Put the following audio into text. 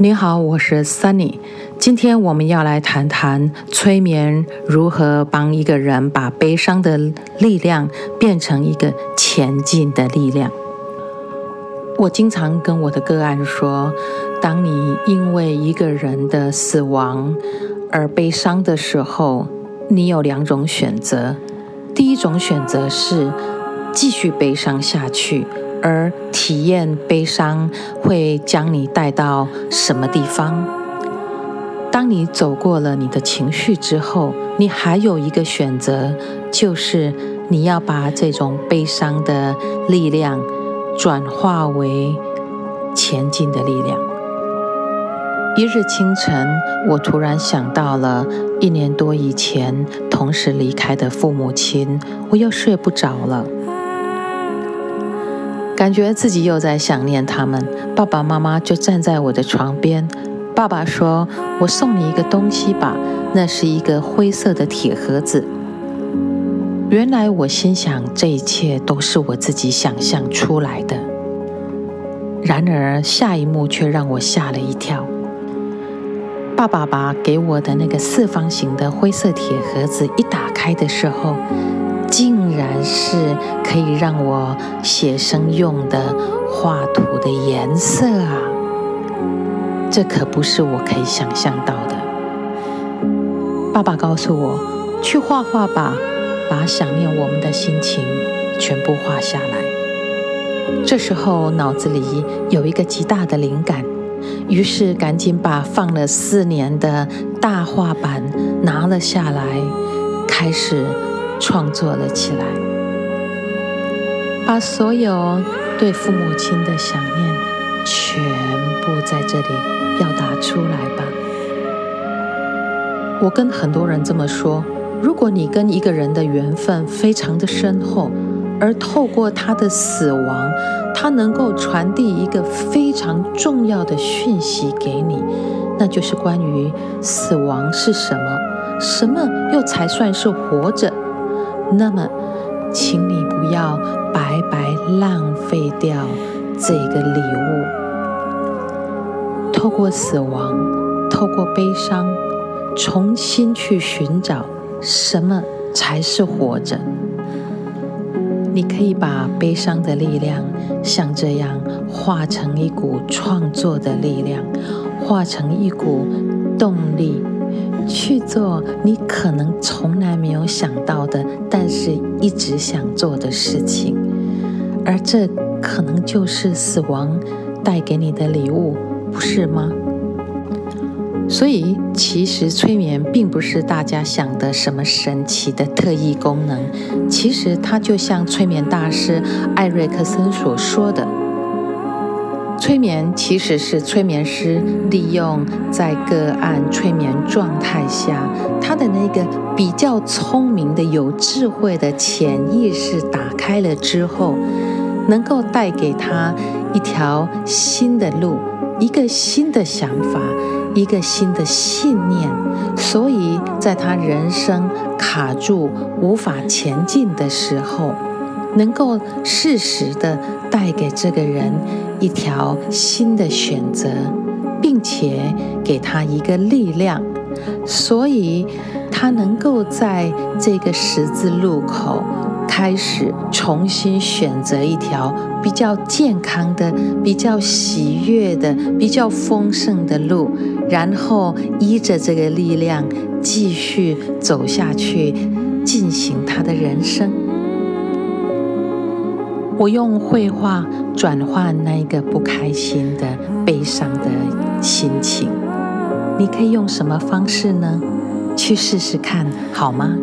你好，我是 Sunny。今天我們要來談談催眠如何幫一個人把悲傷的力量變成一個前進的力量。我經常跟我的個案說，當你因為一個人的死亡而悲傷的時候，你有兩種選擇。第一種選擇是繼續悲傷下去。而體驗悲傷會將你帶到什麼地方？當你走過了你的情緒之後，你還有一個選擇，就是你要把這種悲傷的力量轉化為前進的力量。一日清晨，我突然想到了一年多以前同時離開的父母親，我又睡不着了。感覺自己又在想念他們，爸爸媽媽就站在我的床邊。爸爸說：“我送你一個東西吧，那是一個灰色的鐵盒子。”原來我心想這一切都是我自己想象出來的。然而下一幕卻讓我嚇了一跳。爸爸把給我的那個四方形的灰色鐵盒子一打開的時候，自然是可以讓我寫生用的畫圖的顏色啊，這可不是我可以想象到的。爸爸告訴我，去畫畫吧，把想念我們的心情全部畫下來。這時候腦子裡有一個極大的靈感，於是趕緊把放了四年的大畫板拿了下來，開始。創作了起來，把所有對父母親的想念全部在這裡表達出來吧。我跟很多人這麼說，如果你跟一個人的緣分非常的深厚，而透過他的死亡，他能夠傳遞一個非常重要的訊息給你，那就是關於死亡是什麼，什麼又才算是活着。那麼，請你不要白白浪費掉這個禮物。透過死亡，透過悲傷，重新去尋找什麼才是活着。你可以把悲傷的力量像這樣化成一股創作的力量，化成一股動力。去做你可能從來沒有想到的，但是一直想做的事情，而這可能就是死亡帶給你的禮物，不是嗎？所以，其實催眠並不是大家想的什麼神奇的特異功能，其實它就像催眠大師艾瑞克森所說的。催眠其實是催眠師利用在個案催眠狀態下，他的那個比較聰明的、有智慧的潛意識打開了之後，能夠帶給他一條新的路、一個新的想法、一個新的信念。所以在他人生卡住、無法前進的時候。能夠適時的帶給這個人一條新的選擇，並且給他一個力量，所以他能夠在這個十字路口開始重新選擇一條比較健康的、比較喜悅的、比較豐盛的路，然後依着這個力量繼續走下去，進行他的人生。我用繪畫轉換那一個不開心的、悲傷的心情。你可以用什麼方式呢？去試試看，好嗎？